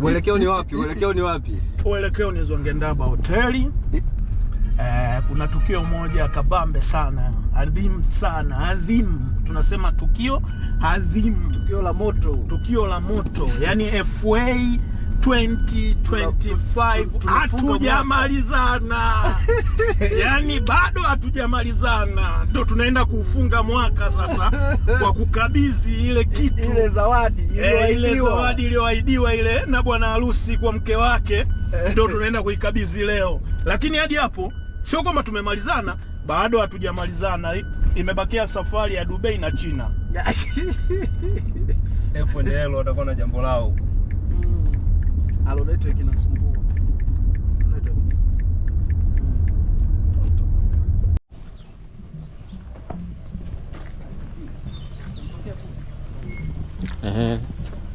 Mwelekeo ni wapi? Uelekeo ni wapi? Uelekeo ni Zongendaba hoteli. Eh, kuna tukio moja kabambe sana adhimu sana adhimu, tunasema tukio adhimu, tukio la moto, tukio la moto yaani FA 2025 hatujamalizana yani bado hatujamalizana, ndo tunaenda kuufunga mwaka sasa kwa kukabidhi ile kitu ile zawadi eh, iliyoahidiwa ile, ile na bwana harusi kwa mke wake, eh. ndo tunaenda kuikabidhi leo. Lakini hadi hapo sio kwamba tumemalizana, bado hatujamalizana, imebakia safari ya Dubai na China. FNL watakuwa na jambo lao. Alo, network inasumbua. Hmm. Ehe,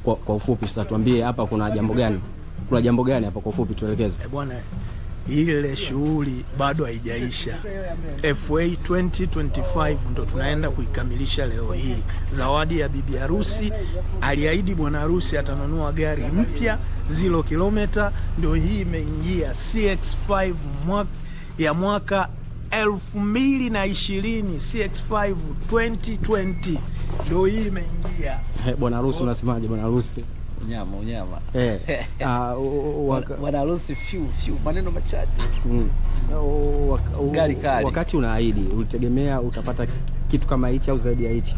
kwa, kwa ufupi sasa tuambie hapa kuna jambo gani? Kuna jambo gani hapa kwa ufupi tuelekeze. Eh, bwana ile shughuli bado haijaisha. FA 2025 ndo tunaenda kuikamilisha leo hii. Zawadi ya bibi harusi, aliahidi bwana harusi atanunua gari mpya zero kilometa, ndio hii imeingia CX5 mwaka, ya mwaka 2020 CX5 2020 ndio hii imeingia. Hey, eh, bwana harusi unasemaje? Bwana harusi unyama unyama. Eh. Ah, bwana harusi fiu fiu, maneno machache. Mm. Gari kali. Wakati unaahidi ulitegemea utapata kitu kama hichi au zaidi ya hichi?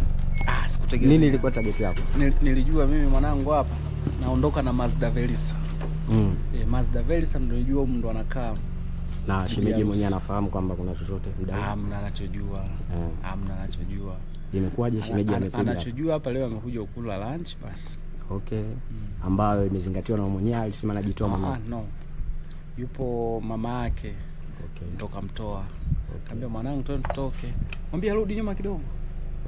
Ah, sikutegemea. Nini ilikuwa target yako? Nilijua mimi mwanangu hapa naondoka na Mazda Velisa. Mm. E, Mazda Velisa ndio najua huko ndo anakaa. Na shemeji mwenyewe anafahamu kwamba kuna chochote mdau. Ah, eh. Hamna anachojua. Hamna yeah. anachojua. Imekuwaje shemeji amekuja? Anachojua hapa leo amekuja kula lunch basi. Okay. Mm. Ambayo imezingatiwa na mwenyewe alisema anajitoa ah, mama. Ah, no. Yupo mama yake. Okay. Ndo kamtoa. Okay. Kaambia mwanangu tutoke. Mwambie rudi nyuma kidogo.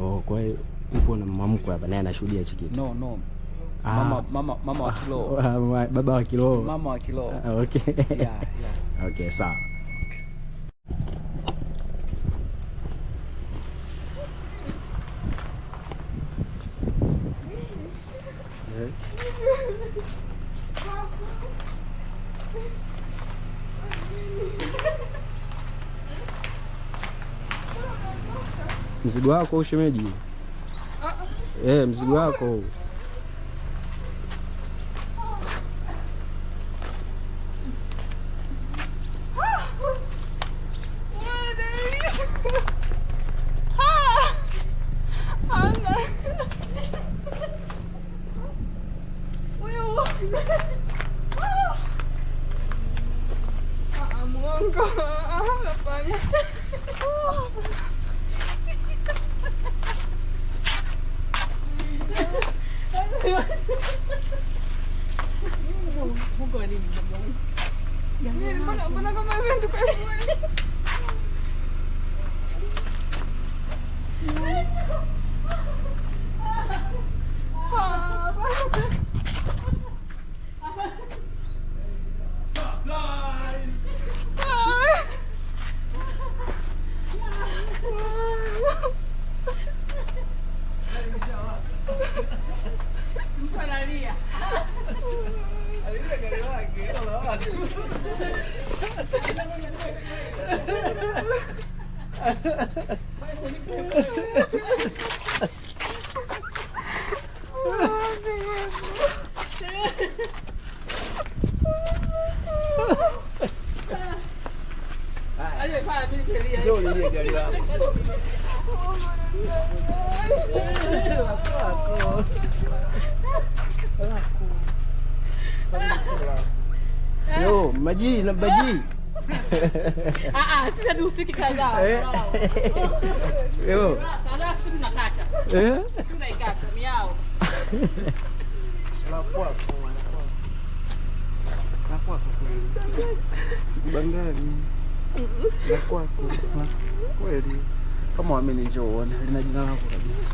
Oh, kwa hiyo yupo na mamko hapa naye anashuhudia chikiti. No, no. Ah. mama, mama, mama wa Maman baba wa mama wa ah, maman, okay. yeah, yeah. Okay, sawa mzigo wako ushemeji? Ah, eh, mzigo wako open up Yo, maji na baji. Ah ah, sisi ndio usiki kaza. Yo. Kaza Alafu tunakata. Eh? Tunaikata ni yao. Na kwa kwa. Kweli. Kama wameni njoo uone lina jina lako kabisa.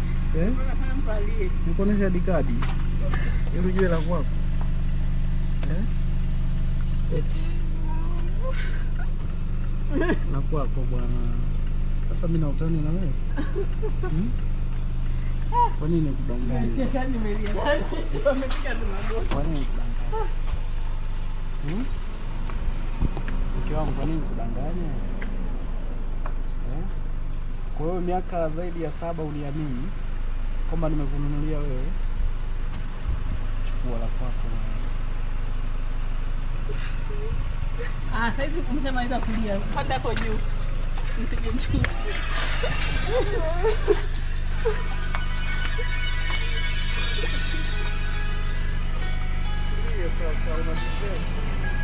Eh? Nikuonesha dikadi ili ujue la kwako. Eh? bwana. Sasa mimi nautani na wewe. Hmm? Kwa nini nikudanganya? Hmm? Mke wangu kwa nini nikudanganya? Eh? Kwa hiyo miaka zaidi ya saba uliamini kwamba nimekununulia wewe, chukua la kwako. Ah, sasa, unachezea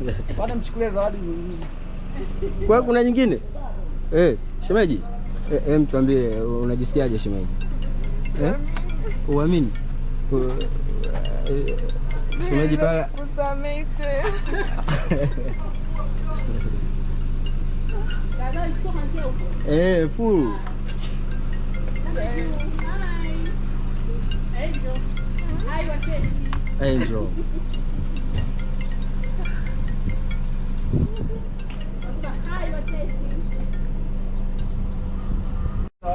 Bwana mchukulie zawadi nyingine. Kwa kuna nyingine? Eh, shemeji. Eh, eh mtuambie unajisikiaje shemeji? Eh? Uamini? Eh, shemeji pale. Eh, full. Angel. Angel.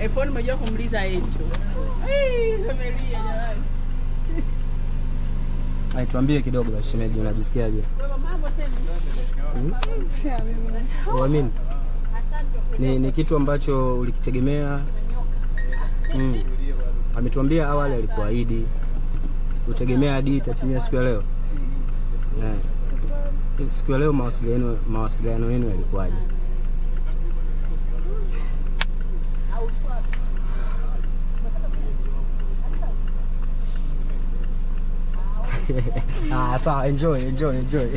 elfu kumliza Familia jamani. tuambie kidogo basi shemeji, unajisikiaje? Uamini hmm? ni, ni kitu ambacho ulikitegemea? Mm. Ametuambia awali alikuahidi, utegemea hadi itatimia siku ya leo yeah. Siku ya leo mawasiliano yenu yalikuwaje? 啊，算了 enjoy，enjoy，enjoy。